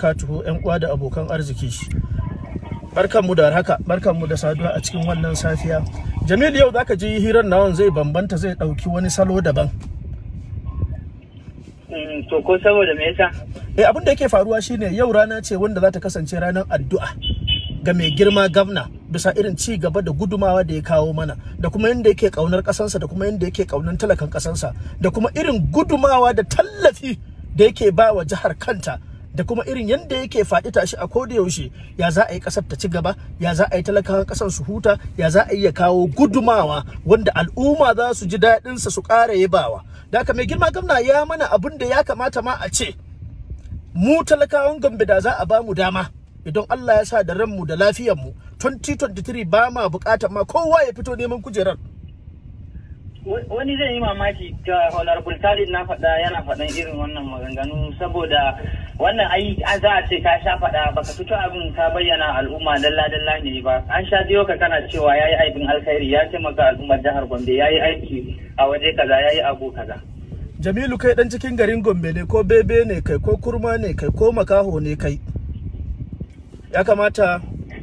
katuhu yan uwa da abokan arziki barkanmu da haka barkanmu da saduwa a cikin wannan safiya jamilu yau zaka ji hirar nawan zai bambanta zai dauki wani salo daban mm, to ko saboda me yasa eh abin da yake faruwa shine yau rana ce wanda za ta kasance ranar addu'a ga mai girma gwamna bisa irin ci gaba da gudumawa da ya kawo mana da kuma yadda yake kaunar kasansa da kuma yadda yake kaunar talakan kasansa da kuma irin gudumawa da tallafi da yake ba wa jihar kanta da kuma irin yadda yake faɗi tashi a koda yaushe ya za a yi ƙasar ta ci gaba ya za a yi talakawan ƙasar su huta ya za a iya kawo gudumawa wanda al'umma za su ji daɗin sa su ƙara yabawa da haka mai girma gwamna ya mana abin da ya kamata ma a ce mu talakawan gambe da za a ba mu dama idan Allah ya sa da ran mu da lafiyar mu. 2023 ba ma bukatar ma kowa ya fito neman kujerar wani zai yi mamaki ga honorable talib na faɗa yana faɗan irin wannan maganganu saboda wannan ai za a ce ka sha faɗa baka fito abin ka bayyana al'umma dalla dalla ne ba an sha biyo ka kana cewa yayi aibin alkhairi ya taimaka al'ummar jihar Gombe yayi aiki a waje kaza yayi abu kaza Jamilu kai dan cikin garin Gombe ne ko bebe ne kai ko kurma ne kai ko makaho ne kai ya kamata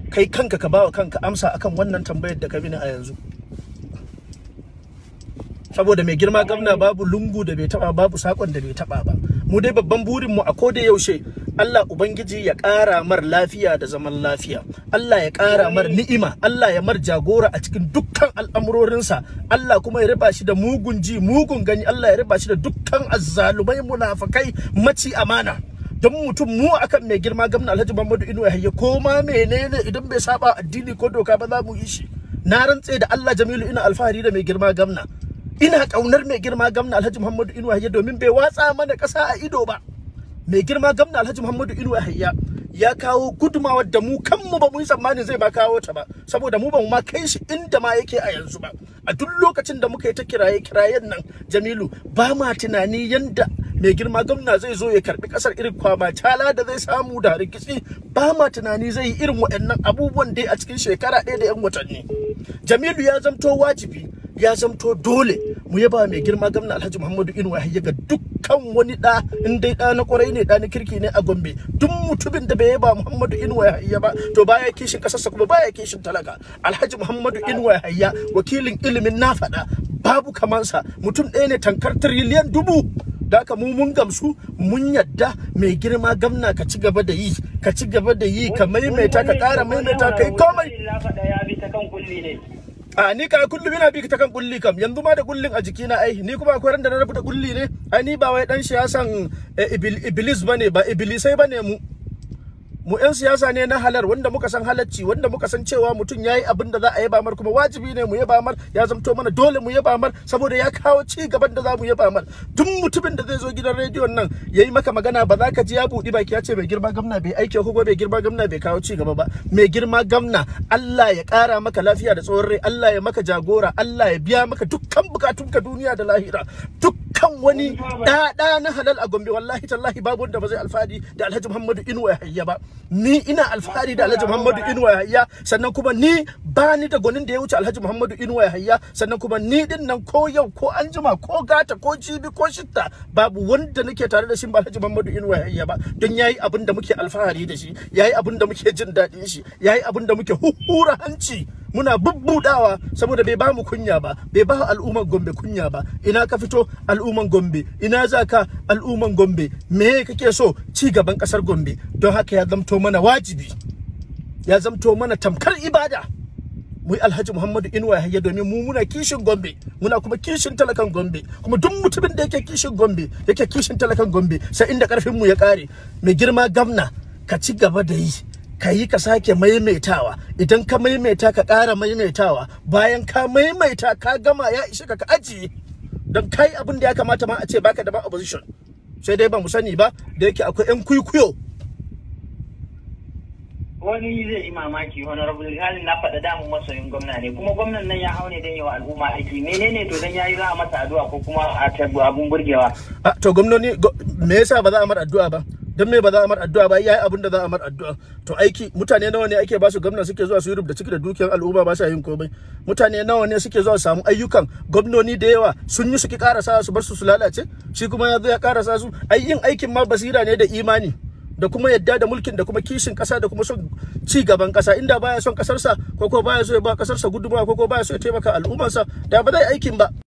kai kanka ka bawa kanka amsa akan wannan tambayar da ka bini a yanzu saboda mai girma gwamna babu lungu da bai taba babu sakon da bai taba ba mu dai babban burin mu a koda yaushe Allah ubangiji ya kara mar lafiya da zaman lafiya Allah ya kara mar ni'ima Allah ya mar jagora a cikin dukkan al'amurorinsa Allah kuma ya riba shi da mugun ji mugun gani Allah ya riba shi da dukkan azzalumai munafakai maci amana don mutum mu akan mai girma gwamna Alhaji Muhammadu inu ya koma menene idan bai saba addini ko doka ba za mu yi shi na rantse da Allah Jamilu ina alfahari da mai girma gwamna ina kaunar mai girma gamna alhaji muhammadu inuwa hayya domin bai watsa mana kasa a ido ba mai girma gamna alhaji muhammadu inuwa hayya ya kawo gudumawa da mu kanmu ba mu yi tsammanin zai ba kawo ta ba saboda mu ba mu ma kai shi inda ma yake a yanzu ba a duk lokacin da muka yi ta kiraye kirayen nan jamilu ba ma tunani yanda mai girma gwamna zai zo ya karbi kasar irin kwama tala da zai samu da rikici ba ma tunani zai yi irin waɗannan abubuwan dai a cikin shekara ɗaya da yan watanni jamilu ya zamto wajibi ya zamto dole mu yaba mai girma gamna Alhaji Muhammadu inu ya ga dukkan wani da in dai da na kwarai ne da na kirki ne a Gombe duk mutumin da bai yaba Muhammadu Inuwa ya ba to baya kishin kasarsa kuma baya kishin talaka Alhaji Muhammadu Inuwa ya wakilin ilimin na faɗa babu kamansa mutum ɗaya ne tankar tiriliyan dubu da ka mu mun gamsu mun yadda mai girma gamna ka ci gaba da yi ka ci gaba da yi ka maimaita ka ƙara maimaita kai komai a ni ka kullum ina bi ta kan kulli kam yanzu ma da kullin a jikina ai ni kuma akwai ran da na rubuta kulli ne ai ni ba wai dan shi ya san eh, iblis bane ba iblisai bane mu mu 'yan siyasa ne na halar wanda muka san halarci wanda muka san cewa mutum ya yi abin da za a yaba mar kuma wajibi ne mu yaba mar ya zamto mana dole mu yaba mar saboda ya kawo ci gaban da za mu yaba mar duk mutumin da zai zo gidan rediyon nan ya yi maka magana ba za ka ji ya buɗi baki ya ce bai girma gamna bai aiki ko bai girma gamna bai kawo ci gaba ba mai girma gamna Allah ya kara maka lafiya da tsawon rai Allah ya maka jagora Allah ya biya maka dukkan bukatunka duniya da lahira duk Kan wani ɗaɗa na halal a Gombe wallahi tallahi babu wanda ba zai alfahari da Alhaji Muhammadu Inuwa Yahaya ba ni ina alfahari da Alhaji Muhammadu Inuwa Yahaya sannan kuma ni ba ni da gwanin da ya wuce Alhaji Muhammadu Inuwa Yahaya sannan kuma ni din nan ko yau ko anjima ko gata ko jibi ko shitta babu wanda nake tare da shi ba Alhaji Muhammadu Inuwa Yahaya ba don yayi abin da muke alfahari da shi yayi abin da muke jin daɗin shi yayi abin da muke huhura hanci muna bubbudawa saboda bai ba mu kunya ba bai ba al'ummar Gombe kunya ba ina ka fito al'umman Gombe ina za ka al'umman Gombe me kake so ci gaban kasar Gombe don haka ya zamto mana wajibi ya zamto mana tamkar ibada mu alhaji muhammadu inuwa ya domin mu muna kishin gombe muna kuma kishin talakan gombe kuma duk mutumin da yake kishin gombe yake kishin talakan gombe sai inda karfin mu ya kare mai girma gamna ka ci gaba da yi ka yi ka sake maimaitawa idan ka maimaita ka ƙara maimaitawa bayan ka maimaita ka gama ya ishe ka ka ajiye don kai abin da ya kamata ma a ce baka da ba opposition sai dai ba mu sani ba da yake akwai yan kuikuyo wani zai yi mamaki honorable halin na faɗa damu masoyin gwamna ne kuma gwamnan nan ya haune don yawa al'umma aiki menene to dan yayi za a mata addu'a ko kuma a abun burgewa to gwamnoni me yasa ba za a mata addu'a ba dan me ba za a mar addu'a ba yayi abin da za a mar addu'a to aiki mutane nawa ne ake ba su gwamna suke zuwa su yi rubuta ciki da dukiyar al'umma ba sa yin komai mutane nawa ne suke zuwa samu ayyukan gwamnoni da yawa sun yi su karasa su bar su su lalace shi kuma ya zo ya karasa su ai yin aikin ma basira ne da imani da kuma yadda da mulkin da kuma kishin kasa da kuma son ci gaban kasa inda baya son kasarsa ko ko baya so ya ba kasarsa gudunmawa ko ko baya so ya taimaka al'ummarsa da ba zai aikin ba